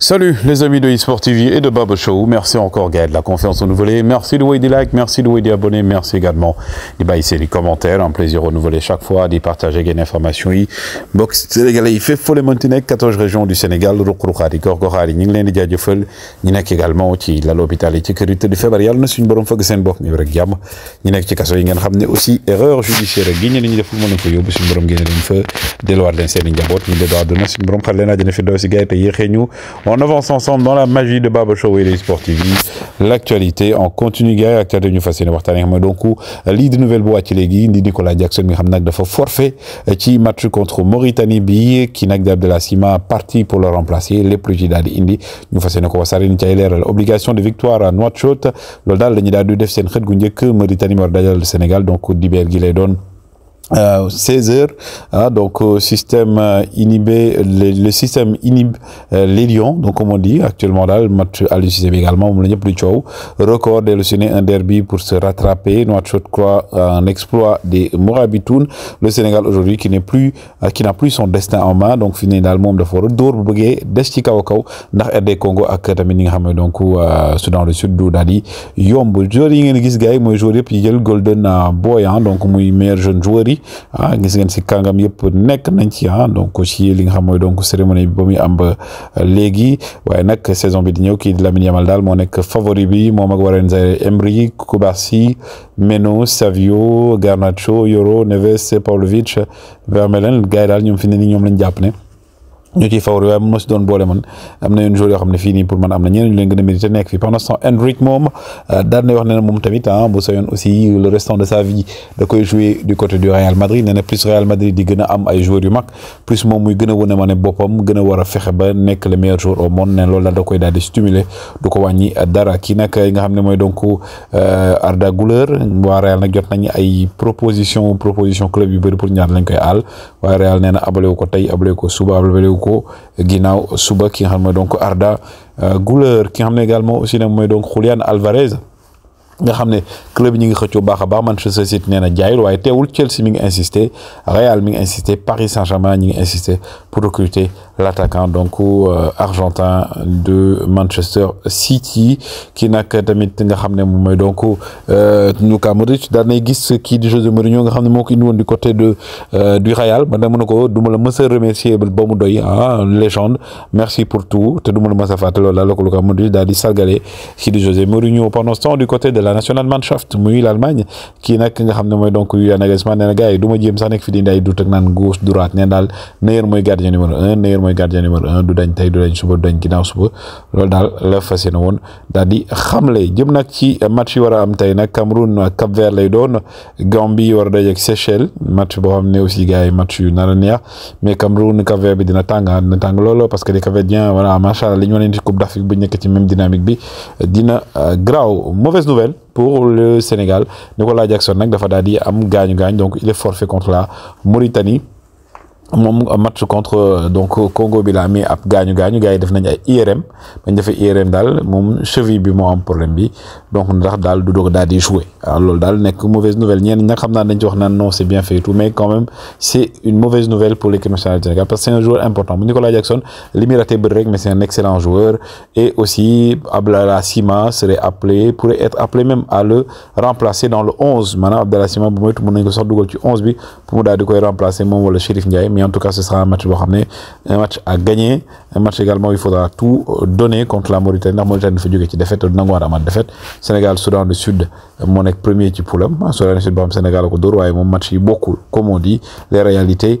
Salut les amis de eSport TV et de Babo Show. Merci encore Gaël de la confiance renouvelée. Merci de des likes, merci de des abonnés, merci également de baisser les commentaires. Un plaisir renouvelé chaque fois, de partager des informations. Box sénégalais, il fait folle Montenegro, 14 régions du Sénégal, Roukroukhari, Gorgokhari, Ninglen et Djadjofel, Ninek également, aussi la l'hôpital et sécurité de février, nous sommes bon fog sen bok ni rek jam ñi nek ci kasso yi ngeen xamné aussi erreur judiciaire gi ñi ñu def mo ko yobbu suñu borom gënal leen fa déloir leen seen njabot ñu déddu aduna suñu borom xal leen adina fi do ci gaay te yexé ñu on avance ensemble dans la magie de Baba Show et les TV. L'actualité en continu gars ak de ñu fas yéene donc lii di nouvelle bu wàcc léegi di Nicolas Jackson mi xam nag dafa forfait ci match contre Mauritanie bi qui nag di Abdelassima parti pour le remplacer Les plus ci di indi ñu fas yéene ko wasaare obligation de victoire à Nouakchott loolu daal la ñuy daal di def seen xët gu Mauritanie war le Sénégal donc dibeer gi euh, 16 heures, hein, donc euh, système euh, inhibé, le, système inhibe euh, les lions, donc comme on dit actuellement là, le match à également, on l'a plus chaud, record d'élutionner un derby pour se rattraper, Noachot croit un exploit des Morabitoun. le Sénégal aujourd'hui qui n'est plus, euh, qui n'a plus son destin en main, donc finalement on doit faire retour, bugué, desti kawakaw, dans RD Congo à Kataminingham. ni nga donc Soudan du Sud du dali yomb joueur yi ngeen puis gaay joueur yep yi golden euh, boy hein, donc muy meilleur jeune joueur ah gis ngeen si kàngam yëpp nekk nañ ci ah donc ci li nga xam mooy donc cérémonie bi ba muy am ba euh, léegi waaye nag saison bi di ñëw kii di Lamine mal daal moo nekk favori bi moom ak Warren Emery Kubasi Meno Savio Garnacho Yoro Neves Pavlovic Vermeulen gars yi daal ñoom fi ne nii ñoom lañ jàpp ne. ñu ci favori waaye ma si doon boole man am na yeneen jour yoo xam ne fii nii pour man am na ñeneen ñu leen gën a mérité nekk fii pendant ce temps Endrick moom euh, daan na wax ne moom tamit ah bu soyoon aussi le restant de sa vie da koy jouer du côté du Real Madrid nee na plus Real Madrid di gën a am ay joueurs yu mag plus moom muy gën a wane ma ne boppam gën a war a fexe ba nekk le meilleur joueur au monde ne loolu daal da koy daal di stimuler du ko wàññi dara kii nag nga xam ne mooy donc euh, Arda Güler waa Real nag jot nañu ay proposition proposition club yu bëri pour ñaar lañ koy aal waaye Real nee na abalewu ko tey abalewu ko suba abalewu ko ginnaaw suba qui nga donc Arda euh, Güler qui nga xam également aussi donc Julian Alvarez nga xamné club yi ngi baax baax Manchester City néna na jaayul waaye teewul Chelsea mi ngi insister Real mi ngi insister Paris Saint-Germain ñi ngi insister pour recruter l'attaquant donc euh, argentin de Manchester City ki nak tamit nga xam ne moom mooy donc euh, Luka Modric daan nay gis qui di José Mourinho nga xamné ne indi du côté de euh, du Real man nag mën ko duma la mës remercier ba mu doy ah légende merci pour tout te duma ma la mës a loolu la ko Luka Modric daal di sargale di José Mourinho pendant ce temps du côté de la national mannschaft muy l'Allemagne kii nag nga xam ne mooy donc Julian Nagelsmann nee na gars du ma jéem sax nekk fi di indi ay doute ak naan gauche droite neen daal Neuer mooy gardien numéro un Neuer mooy gardien numéro i du dañ tey du dañ suba du dañ ginnaaw suba loolu daal la fas yéene woon daal di xamle jëm nag ci match a a dajeeg Seychelles match boo xam ne aussi gars a Cap Vert dina tàng ah, dina tàng loolu parce que les Cap Verdiens voilà macha allah li ñu wane ci Coupe d'Afrique bu nekk ci même dynamique bi dina euh, graaw mauvaise nouvelle pour le Sénégal Nicolas Jackson nak, dafa dit am gagne, donc il est forfait contre la Mauritanie mom match contre euh, donc Congo bi la mi ap gaañu gaañu gay def nañ ay IRM bañ def IRM dal mom cheville bi mo am problème bi donc ndax dal du dog dal di jouer a dal daal nekk mauvaise nouvelle ñen nga xamna dañ ci wax naan non c'est bien fait tout mais quand même c'est une mauvaise nouvelle pour l'équipe nationale du Sénégal parce que c'est un joueur important Nicolas Jackson l'Émiraté muy raté rek mais c'est un excellent joueur et aussi Abdallah Sima serait appelé pourrait être appelé même à le remplacer dans le 11 maintenant Abdallah Sima bu moytu tout mon ko sax dugal ci 11 bi pour mu daal di koy remplacer mom wala Chérif Ndiaye mais en tout cas, ce sera un match, un match à gagner, un match également où il faudra tout donner contre la Mauritanie. La Mauritanie fait du défaite, au a défaite. Sénégal, Soudan du Sud, mon premier pour problème. Soudan du Sud, Sénégal, Kodoro, et mon match, beaucoup, comme on dit, les réalités.